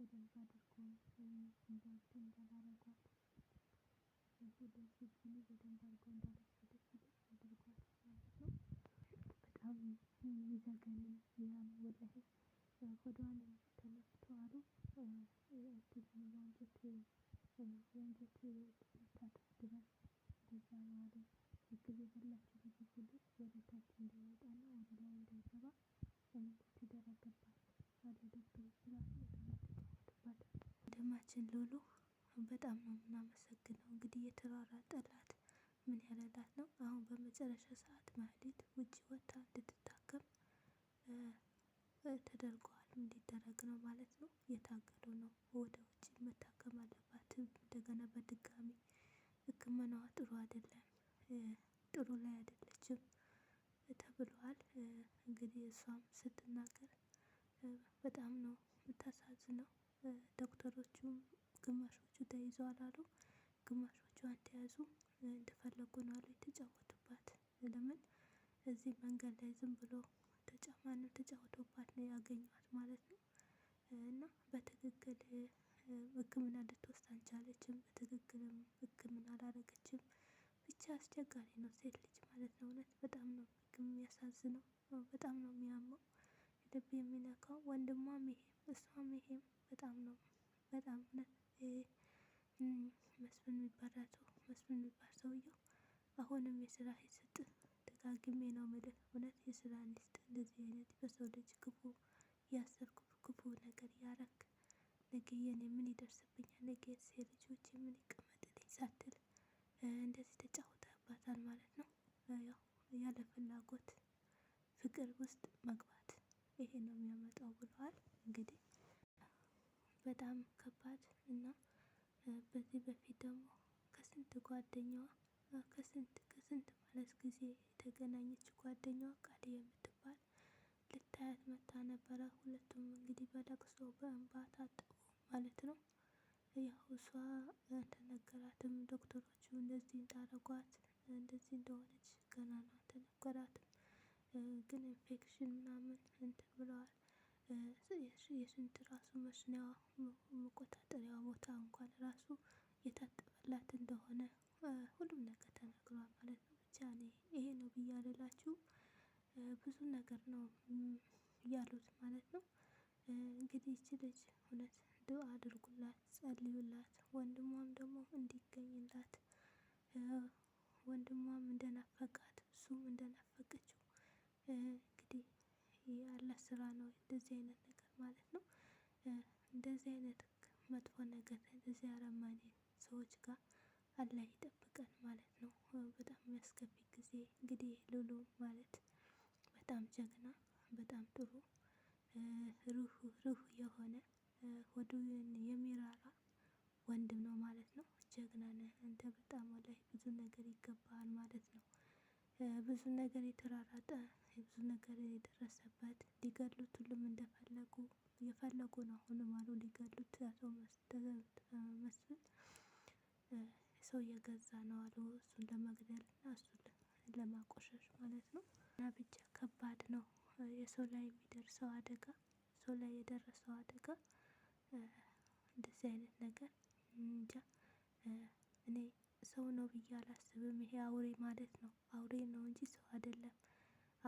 በደንብ አድርጎ እንዳልኩ እንዳላረጓት ሁለት ጊዜ በደንብ አድርጎ እንዳላረጓት አድርጓት ማለት ነው። በጣም የሚዘገን ያም ወላሂ ሆዷን ተነስቶ አሉ ኦክሲጅን የአንጀት የአንጀት መታጠፍ ድረስ እንደዛ ነው አሉ። ምግብ የበላችሁ ጊዜ ሁሉ ወደ እንዳይወጣና ወደ ላይ እንዳይገባ ወንድማችን ሉሉ በጣም ነው የምናመሰግነው። እንግዲህ የተሯሯጠላት ምን ያለላት ነው። አሁን በመጨረሻ ሰዓት ማህሌት ውጭ ወጥታ እንድትታከም ተደርጓል። እንዲደረግ ነው ማለት ነው። የታገዱ ነው ወደ ውጭ መታከም አለባት። እንደገና በድጋሚ ሕክምናዋ ጥሩ አይደለም፣ ጥሩ ላይ አይደለችም ተብሏል። እንግዲህ እሷም ስትናገር በጣም ነው የምታሳዝነው። ዶክተሮቹም ግማሾቹ ተይዘዋል አሉ፣ ግማሾቹ አልተያዙ እንደፈለጉ ነው አሉ የተጫወቱባት። ለምን እዚህ መንገድ ላይ ዝም ብሎ ተጫማኑ ተጫውቶባት ነው ያገኟት ማለት ነው። እና በትክክል ሕክምና ልትወስድ አልቻለችም። በትክክልም ሕክምና አላረገችም። ብቻ አስቸጋሪ ነው ሴት ልጅ ማለት ነው። እውነት በጣም ነው የሚያሳዝነው። በጣም ነው የሚያመው። ልብ የሚነካው ወንድሟም ይሄም እሷም ይሄም በጣም ነው በጣም መስፍን የሚባላቸው መስፍን የሚባል ሰውየው አሁንም የስራ ይስጥ ደጋግሜ ነው ምልህ እውነት የስራ ይስጥ። እንደዚህ አይነት በሰው ልጅ ክፉ ያሰብክ ክፉ ነገር ያረክ ነገ የኔ ምን ይደርስብኛል፣ ነገ የልጆች ምን ይቀመጥልኝ ሳትል እንደዚህ ተጫውተህባታል ማለት ነው። ያለ ፍላጎት ፍቅር ውስጥ መግባት ይሄ ነው የሚያመጣው ብለዋል። እንግዲህ በጣም ከባድ እና በዚህ በፊት ደግሞ ከስንት ጓደኛዋ ከስንት ከስንት ማለት ጊዜ የተገናኘች ጓደኛዋ ቃል የምትባል ልታያት መታ ነበረ። ሁለቱም እንግዲህ በለቅሶ በእንባ ታጠቡ ማለት ነው። ያው እሷ አልተነገራትም። ዶክተሮቹ እንደዚህ እንዳረጓት እንደዚህ እንደሆነች ገና ነው አልተነገራትም። ግን ኢንፌክሽን ምናምን እንትን ብለዋል። የሽንት ራሱ መሽናዋ መቆጣጠሪያ ቦታ እንኳን ራሱ የታጠበላት እንደሆነ ሁሉም ነገር ተነግሯል ማለት ነው። ብቻ እኔ ይሄ ነው ብዬ አልላችሁም። ብዙ ነገር ነው ያሉት ማለት ነው። እንግዲህ ይቺ ልጅ እውነት ዱአ አድርጉላት፣ ጸልዩላት። ከዚህ አይነት መጥፎ ነገር እዚህ አረማኔ ሰዎች ጋር አላህ ይጠብቀን ማለት ነው። በጣም የሚያስከፊ ጊዜ እንግዲህ ሉሉ ማለት በጣም ጀግና፣ በጣም ጥሩ ሩህ ሩህ የሆነ ሆዱን የሚራራ ወንድም ነው ማለት ነው። ጀግና ነህ አንተ በጣም ወላሂ ብዙ ነገር ይገባሃል ማለት ነው። ብዙ ነገር የተራራጠ ብዙ ነገር የደረሰበት ሊገድሉት ሁሉም እንደፈለጉ የፈለጉ ነው። ሁሉም አሉ ሊገድሉት ሰው እየገዛ ነው አሉ እሱን ለመግደል እና እሱን ለማቆሸሽ ማለት ነው። እና ብቻ ከባድ ነው የሰው ላይ የሚደርሰው አደጋ ሰው ላይ የደረሰው አደጋ እንደዚህ አይነት ነገር እንጃ እኔ ሰው ነው ብዬ አላስብም። ይሄ አውሬ ማለት ነው። አውሬ ነው እንጂ ሰው አይደለም።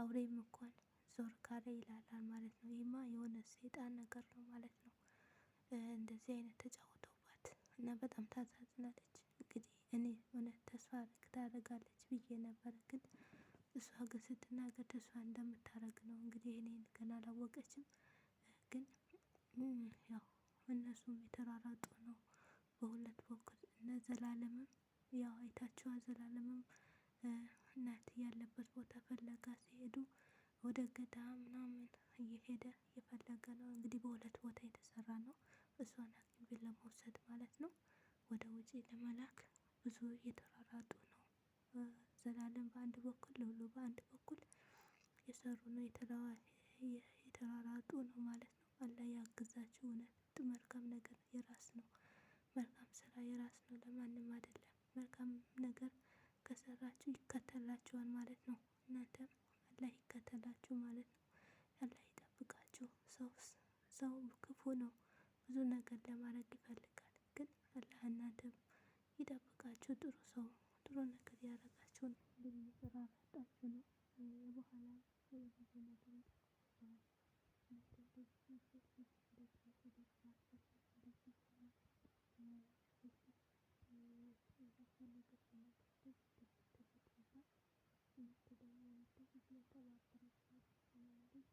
አውሬም እንኳን ዞር ካለ ይላላል ማለት ነው። ይህማ የሆነ ሰይጣን ነገር ነው ማለት ነው። እንደዚህ አይነት ተጫውተውባት እና በጣም ታሳዝናለች። እንግዲህ እኔ እውነት ተስፋ ታደርጋለች ብዬ ነበረ ግን እሷ ግን ስትናገር ተስፋ እንደምታደርግ ነው። እንግዲህ እኔን ገና አላወቀችም። ግን ያው እነሱም የተሯሯጡ ነው በሁለት በኩል እነ ዘላለምም ያው አይታችሁ ዘላለምም እናት ያለበት ቦታ ፈለጋ ሲሄዱ ወደ ገዳ ምናምን እየሄደ እየፈለገ ነው። እንግዲህ በሁለት ቦታ የተሰራ ነው። እሷን ሐኪም ቤት ለመውሰድ ማለት ነው። ወደ ውጪ ለመላክ ብዙ እየተሯሯጡ ነው። ዘላለም በአንድ በኩል ሉሉ በአንድ በኩል የሰሩ ነው የተሯሯጡ ነው ማለት ነው። አላህ ያግዛችሁ። እውነት መልካም ነገር የራስ ነው። መልካም ስራ የራስ ነው፣ ለማንም አይደለም። መልካም ነገር ከሰራችሁ ይከተላችኋል ማለት ነው። እናንተም አላህ ይከተላችሁ ማለት ነው። አላህ ይጠብቃችሁ። ሰው ክፉ ነው፣ ብዙ ነገር ለማድረግ ይፈልጋል። ግን አላህ እናንተም ይጠብቃችሁ። ጥሩ ሰው ጥሩ ነገር ያደረጋችሁን ሁሉ